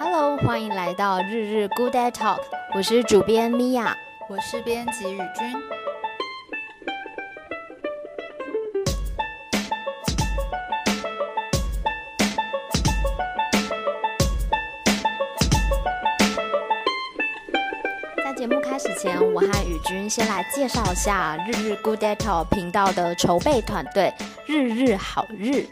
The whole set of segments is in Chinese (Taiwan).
Hello，歡迎來到日日 Good Day Talk。我是主編 Miya，我是編輯羽君。在節目開始前，我和羽君先來介紹一下日日 Good Day Talk 頻道的籌備團隊——日日好日。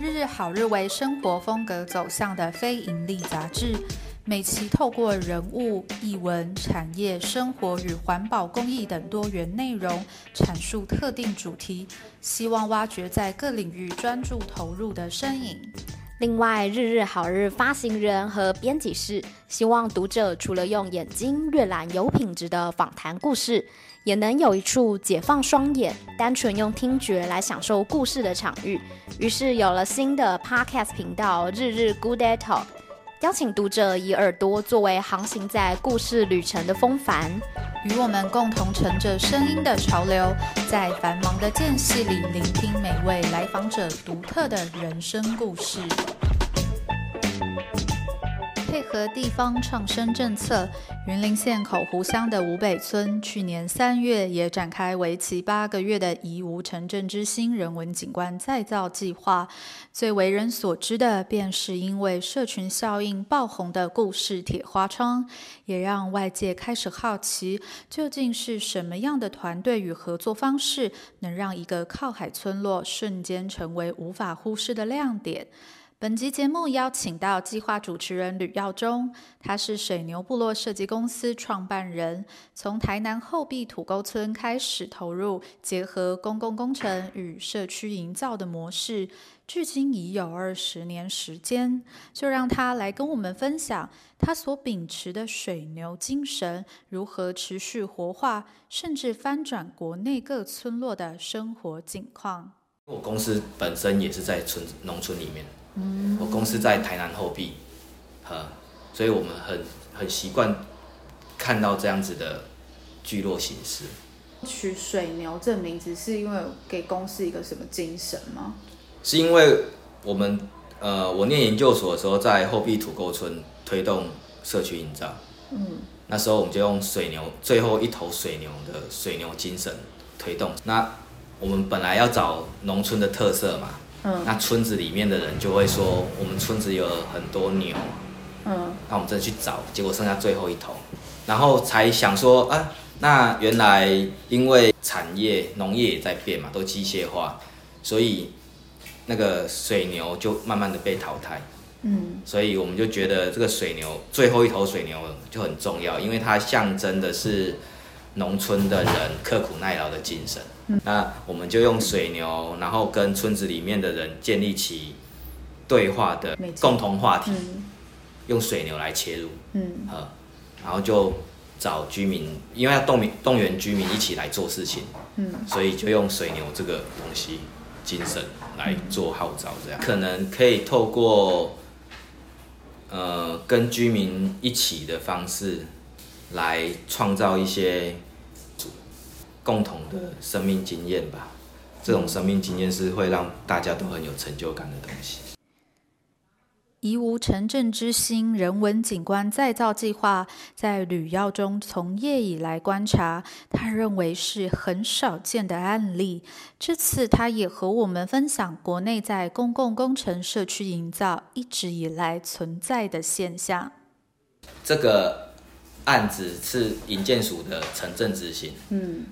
日日好日為生活風格走向的非營利雜誌，每期透過人物、藝文、產業、生活與環保、公益等多元內容闡述特定主題，希望挖掘在各領域專注投入的身影。另外，日日好日發行人和編輯室希望讀者除了用眼睛閱覽有品質的訪談故事，也能有一處解放雙眼、單純用聽覺來享受故事的場域，於是有了新的 podcast 頻道日日 GOODDAY TALK，邀請讀者以耳朵作為航行在故事旅程的風帆，與我們共同乘着聲音的潮流，在繁忙的間隙裡聆聽每位來訪者獨特的人生故事。和地方創生政策，雲林縣口湖鄉的梧北村去年三月也展開為期八個月的椬梧城鎮之心人文景觀再造計劃。最為人所知的，便是因為社群效應爆紅的故事鐵花窗，也讓外界開始好奇，究竟是什麼樣的團隊與合作方式，能讓一個靠海村落瞬間成為無法忽視的亮點？本集節目邀請到計劃主持人呂耀中，他是水牛部落設計公司創辦人，從台南後壁土溝村開始投入結合公共工程與社區營造的模式，至今已有二十年時間。就讓他來跟我們分享他所秉持的水牛精神如何持續活化，甚至翻轉國內各村落的生活景況。我公司本身也是在村農村裡面。我公司在台南後壁，所以我們很很習慣看到這樣子的聚落形式。取水牛這個名字是因為給公司一個什麼精神嗎？是因為我們呃，我念研究所的時候在後壁土溝村推動社區營造，嗯，那時候我們就用水牛，最後一頭水牛的水牛精神推動。那我們本來要找農村的特色嘛。嗯，那村子裡面的人就會說，我們村子有很多牛，嗯，那我們真的去找，結果剩下最後一頭，然後才想說啊，那原來因為產業農業也在變嘛，都機械化，所以那個水牛就慢慢的被淘汰，嗯，所以我們就覺得這個水牛最後一頭水牛就很重要，因為它象徵的是。嗯農村的人刻苦耐勞的精神，嗯，那我們就用水牛，然後跟村子裡面的人建立起對話的共同話題，嗯，用水牛來切入，嗯，然後就找居民，因為要動員動員居民一起來做事情，嗯，所以就用水牛這個東西精神來做號召，這樣、嗯、可能可以透過呃跟居民一起的方式。來創造一些共同的生命經驗吧。這種生命經驗是會讓大家都很有成就感的東西。椬梧城鎮之心人文景觀再造計劃在呂耀中從業以來觀察，他認為是很少見的案例。這次他也和我們分享國內在公共工程、社區營造一直以來存在的現象。這個。案子是營建署的城鎮之心，嗯，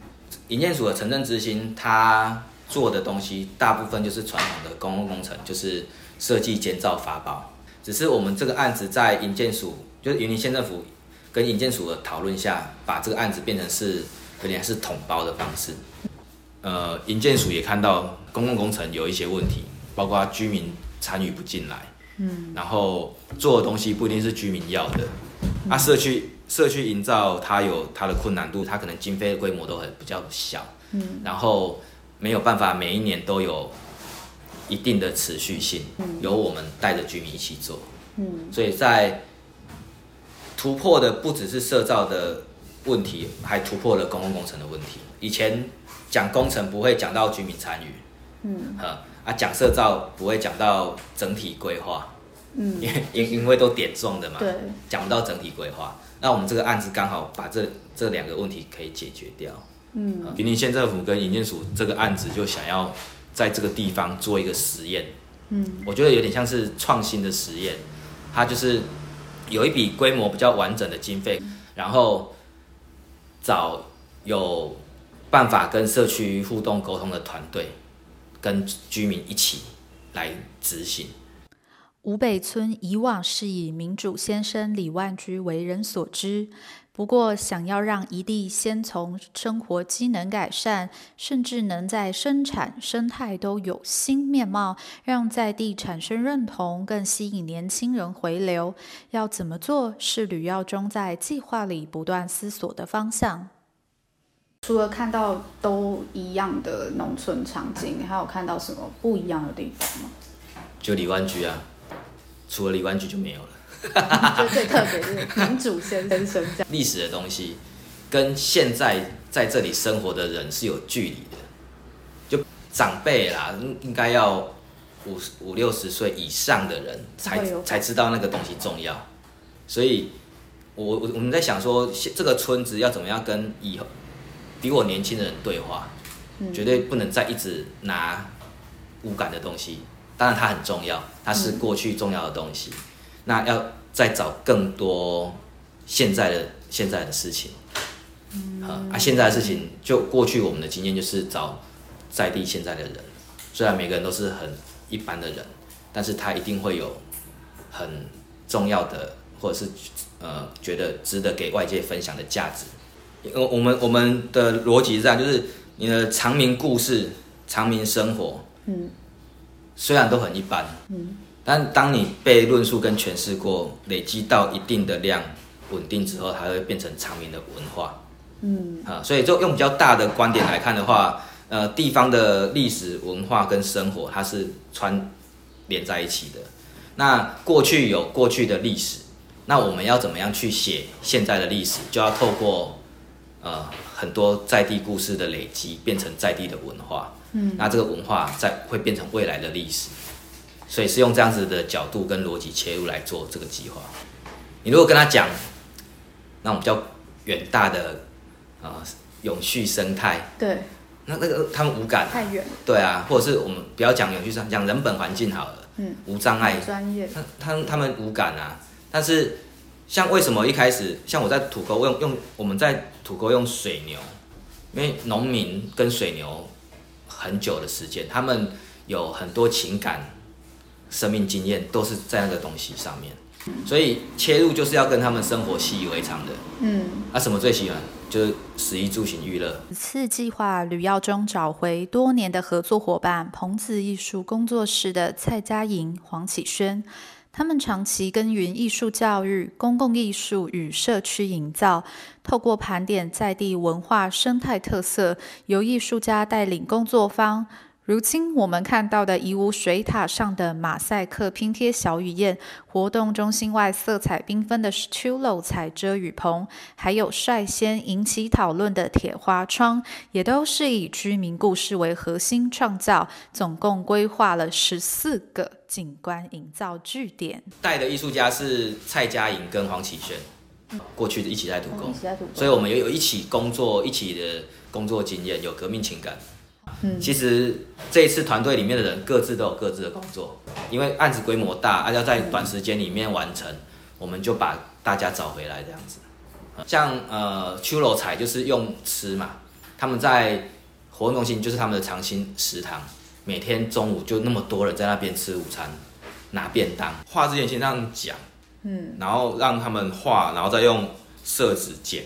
營建署的城鎮之心，他做的東西大部分就是傳統的公共工程，就是設計、監造、發包。只是我們這個案子在營建署，就是雲林縣政府跟營建署的討論下，把這個案子變成是有點是統包的方式。呃，營建署也看到公共工程有一些問題，包括居民參與不進來，嗯，然後做的東西不一定是居民要的，那、嗯啊、社區。社區營造，它有它的困難度，它可能經費的規模都很比較小，嗯，然後沒有辦法每一年都有一定的持續性，由、嗯、我們帶着居民一起做，嗯，所以在突破的不只是社造的問題，還突破了公共工程的問題。以前講工程不會講到居民參與，嗯，啊講社造不會講到整體規劃，嗯，因因因為都點狀的嘛，對，講不到整體規劃。那我們這個案子剛好把這這兩個問題可以解決掉。嗯，雲林縣政府跟營建署這個案子就想要在這個地方做一個實驗。嗯，我覺得有點像是創新的實驗，它就是有一筆規模比較完整的經費，然後找有辦法跟社區互動溝通的團隊，跟居民一起來執行。梧北村以往是以民主先生李萬居為人所知。不過，想要讓一地先從生活機能改善，甚至能在生產、生態都有新面貌，讓在地產生認同，更吸引年輕人回流，要怎麼做？是呂耀中在計劃裡不斷思索的方向。除了看到都一樣的農村場景，你還有看到什麼不一樣的地方嗎？就李萬居啊。除了李萬居就沒有了，嗯，就最特別，是 民、嗯、主先生這歷 史的東西，跟現在在這裡生活的人是有距離的，就長輩啦，應該要五五六十歲以上的人才才知道那個東西重要。所以，我我我們在想說現，這個村子要怎麼樣跟以後比我年輕人對話，嗯，絕對不能再一直拿無感的東西。當然，它很重要，它是過去重要的東西。嗯、那要再找更多現在的現在的事情，嗯啊，現在的事情，就過去我們的經驗就是找在地現在的人，雖然每個人都是很一般的人，但是他一定會有很重要的或者是呃覺得值得給外界分享的價值。我我們我們的邏輯是這樣，就是你的常民故事，常民生活，嗯。雖然都很一般，但當你被論述跟詮釋過，累積到一定的量，穩定之後，它會變成常民的文化，啊、嗯、呃，所以就用比較大的觀點來看的話，呃，地方的歷史文化跟生活，它是串聯在一起的。那過去有過去的歷史，那我們要怎麼樣去寫現在的歷史，就要透過呃很多在地故事的累積，變成在地的文化。嗯，那這個文化在會變成未來的歷史，所以是用這樣子的角度跟邏輯切入來做這個計劃。你如果跟他講，那我們比較遠大的啊、呃、永續生態，對，那那個他們無感、啊，太遠，對啊，或者是我們不要講永續生態，講人本環境好了，嗯，無障礙專業，他他他們無感啊。但是像為什麼一開始，像我在土溝用用，我們在土溝用水牛，因為農民跟水牛。很久的時間，他們有很多情感、生命經驗，都是在那個東西上面，嗯，所以切入就是要跟他們生活習以為常的。嗯，啊，什麼最喜歡？就是食衣住行娛樂。此次計劃呂耀中找回多年的合作夥伴芃芓藝術工作室的蔡佳瑩、黃啟軒。他們長期耕耘藝術教育、公共藝術與社區營造，透過盤點在地文化生態特色，由藝術家帶領工作坊。如今我們看到的椬梧水塔上的馬賽克拼貼小雨燕活動中心外色彩繽紛的秋露彩遮雨棚，還有率先引起討論的鐵花窗，也都是以居民故事為核心創造。總共規劃了十四個景觀營造據點。帶的藝術家是蔡佳穎跟黃啟軒，過去的一起在土溝，嗯、所以我們有有一起工作，一起的工作經驗，有革命情感。其實這一次團隊裡面的人各自都有各自的工作，因為案子規模大，大家要在短時間裡面完成。嗯，我們就把大家找回來這樣子。像呃，秋樓彩就是用吃嘛，他們在活動中心就是他們的常青食堂，每天中午就那麼多人在那邊吃午餐，拿便當。畫之前先這樣講，嗯，然後讓他們畫，然後再用色紙剪。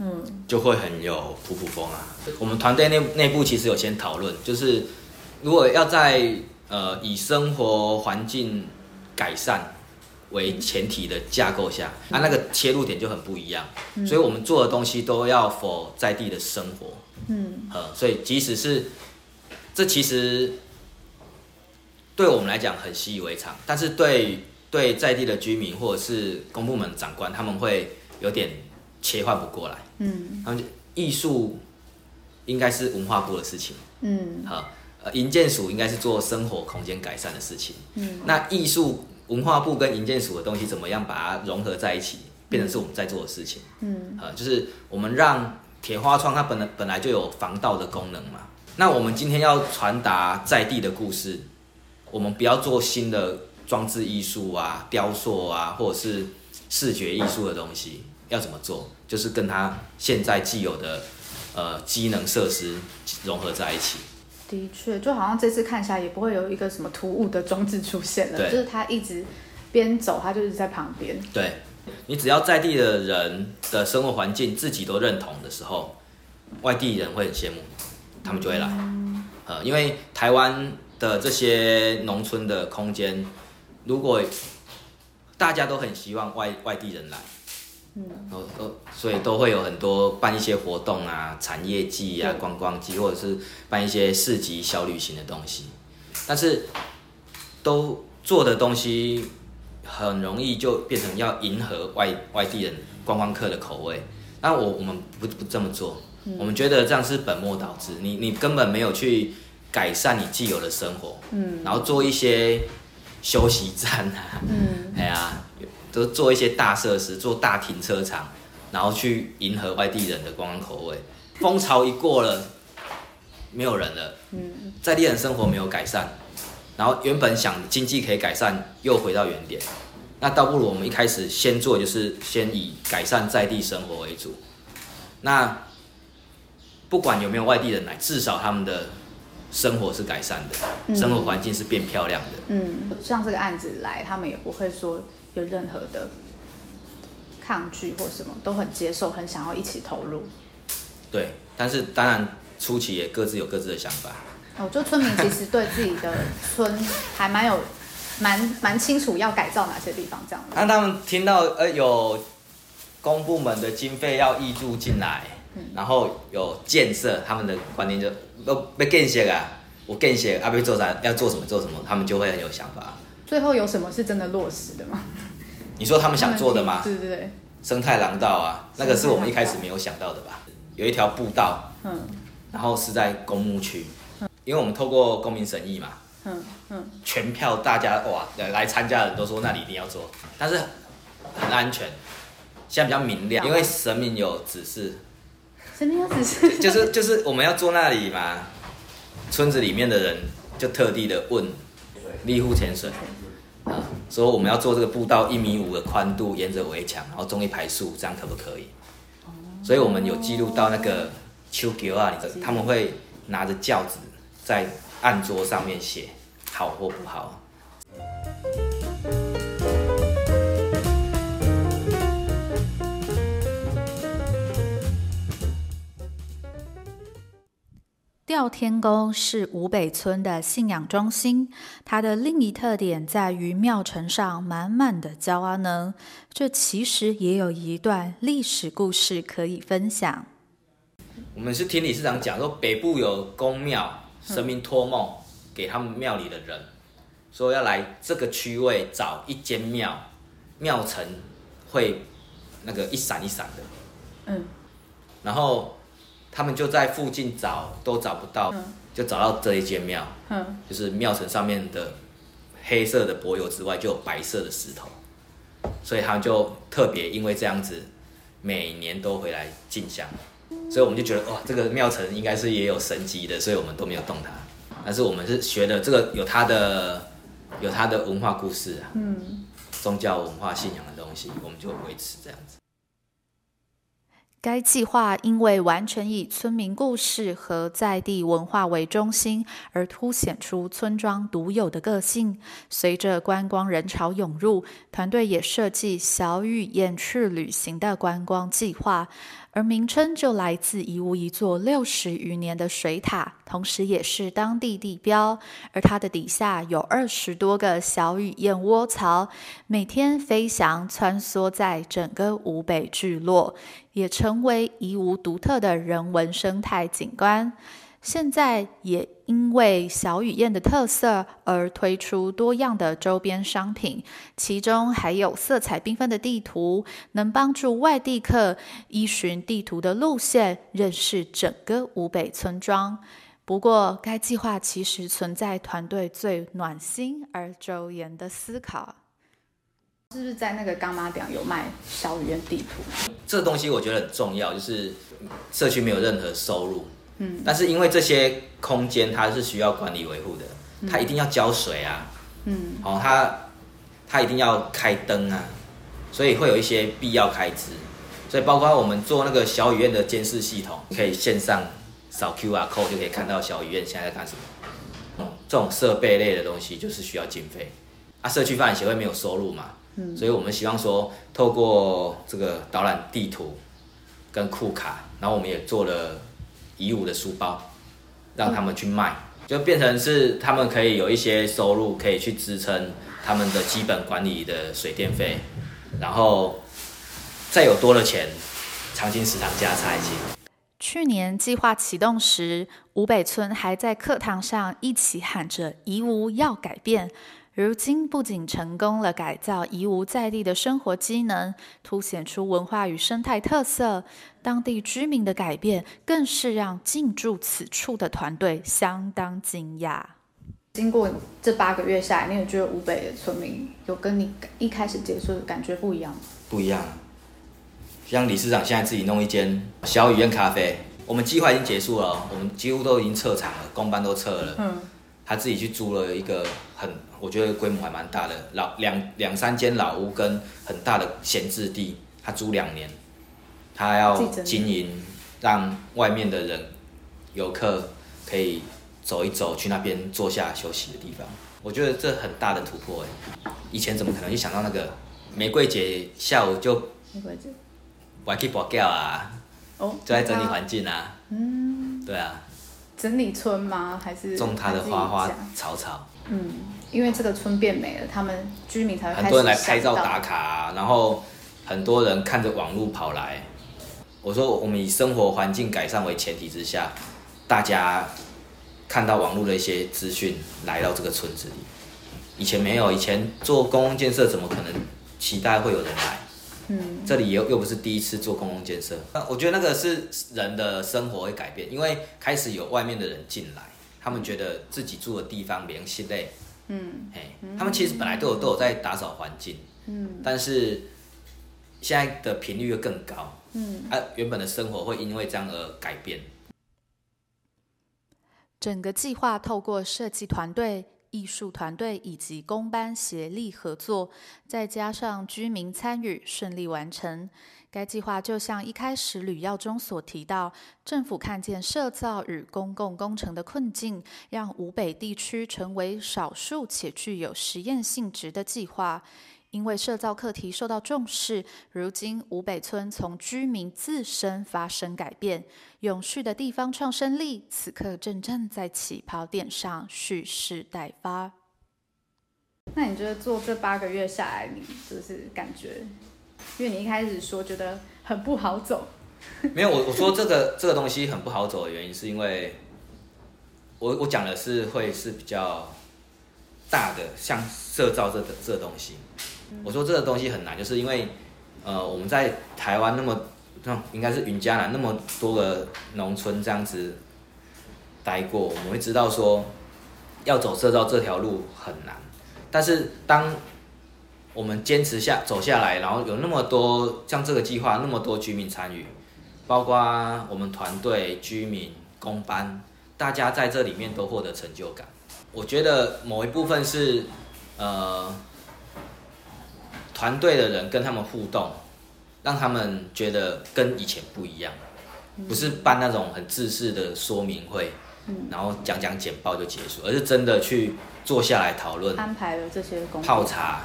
嗯，就會很有普普風啊。我們團隊內內部其實有先討論，就是如果要在呃以生活環境改善為前提的架構下，嗯、啊，那個切入點就很不一樣。嗯、所以我們做的東西都要 for 在地的生活。嗯，呃、所以即使是這其實對我們來講很習以為常，但是對對在地的居民或者是公部門長官他們會有點。切換不過來，嗯，然後就，藝術應該是文化部的事情，嗯，好，呃，營建署應該是做生活空間改善的事情，嗯，那藝術文化部跟營建署的東西怎麼樣把它融合在一起，變成是我們在做的事情，嗯，啊，就是我們讓鐵花窗它本來本來就有防盜的功能嘛，那我們今天要傳達在地的故事，我們不要做新的裝置藝術啊、雕塑啊，或者是視覺藝術的東西。嗯。要怎麼做？就是跟他現在既有的呃機能設施融合在一起。的確，就好像這次看起來也不會有一個什麼突兀的裝置出現了，就是他一直邊走，他就是在旁邊。對，你只要在地的人的生活環境自己都認同的時候，外地人會很羨慕，他們就會來。呃、嗯啊，因為台灣的這些農村的空間，如果大家都很希望外外地人來。嗯、所以都會有很多辦一些活動啊，產業季啊，觀光季，或者是辦一些市集小旅行的東西，但是都做的東西很容易就變成要迎合外外地人觀光客的口味。那我我們不不這麼做、嗯，我們覺得這樣是本末倒置，你你根本沒有去改善你既有的生活，嗯，然後做一些休息站啊，嗯，系、哎、啊。都做一些大設施，做大停車場，然後去迎合外地人的觀光口味。風潮一過了，沒有人了。嗯，在地人生活沒有改善，然後原本想經濟可以改善，又回到原點。那倒不如我們一開始先做，就是先以改善在地生活為主。那不管有沒有外地人來，至少他們的生活是改善的，生活環境是變漂亮的。嗯，像，嗯，這個案子來，他們也不會說。.有任何的抗拒或什麼，都很接受，很想要一起投入。對，但是當然初期也各自有各自的想法。哦，就村民其實對自己的村還蠻有、 蠻蠻清楚要改造哪些地方這樣子。當、啊、他們聽到呃有公部門的經費要挹注進來，嗯，然後有建設，他們的觀念就哦被更新了，我更新阿被做啥要做什麼做什麼，做什麼，他們就會很有想法。最後有什麼是真的落實的嗎？你說他們想做的嗎？對對對。生態廊道啊道，那個是我們一開始沒有想到的吧？有一條步道，嗯，然後是在公墓區，嗯，因為我們透過公民審議嘛，嗯嗯，全票大家哇，來參加的人都說那裡一定要做，但是很安全，現在比較明亮，因為神明有指示。神明有指示 就、就是就是我們要坐那裡嘛，村子裡面的人就特地的問。立戶潛水，啊、嗯，所以我們要做這個步道一米五的寬度，沿着圍牆，然後種一排樹，這樣可不可以？哦，所以我們有記錄到那個丘吉啊，他們會拿着轎子在案桌上面寫好或不好。吊天宮是梧北村的信仰中心，它的另一特點在於廟城上滿滿的焦阿能，這其實也有一段歷史故事可以分享。我們是聽理事長講說，北部有宮廟，神明托夢給他們廟裡的人、嗯，說要來這個區位找一間廟，廟城會那個一閃一閃的。嗯，然後。他們就在附近找，都找不到，嗯、就找到這一間廟、嗯，就是廟埕上面的黑色的柏油之外，就有白色的石頭，所以他們就特別因為這樣子，每年都回來進香，所以我們就覺得哇，這個廟埕應該是也有神蹟的，所以我們都沒有動它，但是我們是學的這個有它的有它的文化故事啊、嗯，宗教文化信仰的東西，我們就維持這樣子。該計劃因為完全以村民故事和在地文化為中心，而凸顯出村莊獨有的個性。隨着觀光人潮湧入，團隊也設計小雨燕去旅行的觀光計劃。而名稱就來自椬梧一座六十餘年的水塔，同時也是當地地標。而它的底下有二十多個小雨燕窩巢，每天飛翔穿梭在整個梧北聚落，也成為椬梧獨特的人文生態景觀。現在也因為小雨燕的特色而推出多樣的週邊商品，其中還有色彩繽紛的地圖，能幫助外地客依循地圖的路線，認識整個梧北村莊。不過，該計劃其實存在團隊最暖心而周延的思考。是不是在那個柑仔店有賣小雨燕地圖？這個東西我覺得很重要，就是社區沒有任何收入。嗯，但是因為這些空間它是需要管理維護的，它、嗯、一定要澆水啊，嗯，哦，它它一定要開燈啊，所以會有一些必要開支，所以包括我們做那個小雨燕的監視系統，可以線上掃 QR code 就可以看到小雨燕現在在幹什麼。嗯、這種設備類的東西就是需要經費，啊，社區發展協會沒有收入嘛，嗯，所以我們希望說透過這個導覽地圖跟庫卡，然後我們也做了。椬梧的書包，讓他們去賣、嗯，就變成是他們可以有一些收入，可以去支撐他們的基本管理的水電費，然後，再有多的錢，長青食堂加餐金。去年計劃啟動時，梧北村還在課堂上一起喊着“椬梧要改變”。如今不僅成功了改造椬梧在地的生活機能，凸顯出文化與生態特色，當地居民的改變更是讓進駐此處的團隊相當驚訝。經過這八個月下來，你有覺得梧北的村民有跟你一開始接觸感覺不一樣嗎？不一樣，像李市長現在自己弄一間小雨燕咖啡，我們計劃已經結束了，我們幾乎都已經撤場了，工班都撤了。嗯，他自己去租了一個很。我覺得規模還蠻大的，老兩兩三間老屋跟很大的閒置地，他租兩年，他要經營，讓外面的人遊客可以走一走，去那邊坐下休息的地方。我覺得這很大的突破。欸，以前怎麼可能就想到那個玫瑰姐下午就玫瑰姐，我去啊，哦，就在整理環境啊，嗯，對啊，整理村嗎？還是種他的花花草草？嗯。因為這個村變美了，他們居民才會很多人來拍照打卡啊，然後很多人看着網路跑來。我說，我們以生活環境改善為前提之下，大家看到網路的一些資訊，來到這個村子裡。以前沒有，以前做公共建設怎麼可能期待會有人來？嗯，這裡又又不是第一次做公共建設。那我覺得那個是人的生活會改變，因為開始有外面的人進來，他們覺得自己住的地方良系累。嗯，嘿、嗯，他們其實本來都有、嗯、都有在打掃環境，嗯，但是現在的頻率又更高，嗯，啊，原本的生活會因為這樣而改變。整個計劃透過設計團隊、藝術團隊以及工班協力合作，再加上居民參與，順利完成。該計劃就像一開始履要中、呂耀中所提到，政府看見社造與公共工程的困境，讓梧北地區成為少數且具有實驗性質的計劃。因為社造課題受到重視，如今梧北村從居民自身發生改變，永續的地方創生力此刻正站在起跑點上蓄勢待發。那你覺得做這八個月下來，你就是感覺？因為你一開始說覺得很不好走，沒有我，我說這個這個東西很不好走的原因是因為我，我我講的是會是比較大的像社造這個、這個東西。嗯，我說這個東西很難，就是因為呃我們在台灣那麼應該是雲嘉南那麼多的農村這樣子待過，我們會知道說要走社造這條路很難，但是當。我們堅持下走下來，然後有那麼多像這個計劃那麼多居民參與，包括我們團隊、居民、工班，大家在這裡面都獲得成就感。我覺得某一部分是，呃，團隊的人跟他們互動，讓他們覺得跟以前不一樣，不是辦那種很制式的說明會，嗯，然後講講簡報就結束，而是真的去坐下來討論，安排了這些工作泡茶。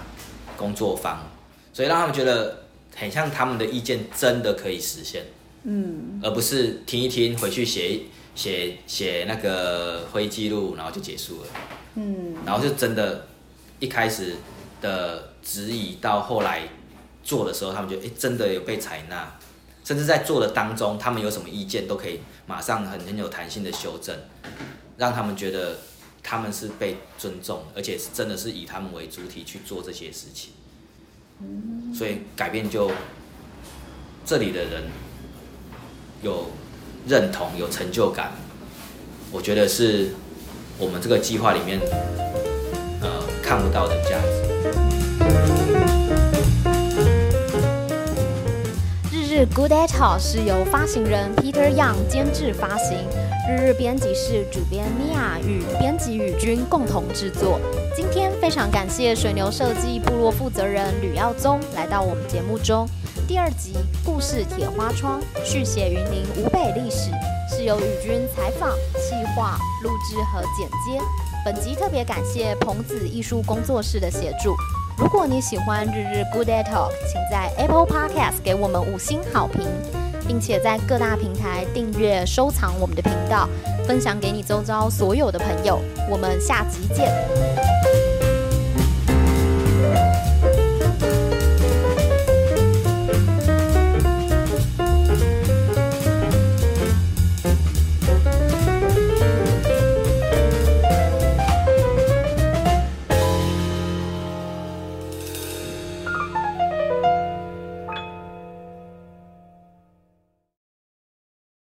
工作坊，所以讓他們覺得很像他們的意見真的可以實現，嗯，而不是聽一聽回去寫寫寫那個會議記錄，然後就結束了，嗯，然後就真的一開始的指引到後來做的時候，他們就、欸、真的有被採納，甚至在做的當中，他們有什麼意見都可以馬上很很有彈性的修正，讓他們覺得，他們是被尊重，而且是真的是以他們為主體去做這些事情，所以改變就這裡的人有認同、有成就感，我覺得是我們這個計劃裡面呃看不到的價值。日日 GOODDAY TALK 是由發行人 Peter Yang 監製發行。日日編輯室主編 Mia 與編輯宇軍共同製作。今天非常感謝水牛設計部落負責人呂耀宗來到我們節目中。第二集故事《鐵花窗》續寫雲林五北歷史，是由宇軍採訪、細化錄製和剪接。本集特別感謝彭子藝術工作室的協助。如果你喜歡日日 Good At a l 請在 Apple Podcast 給我們五星好評。並且在各大平台訂閱、收藏我們的頻道，分享給你周遭所有的朋友。我們下集見。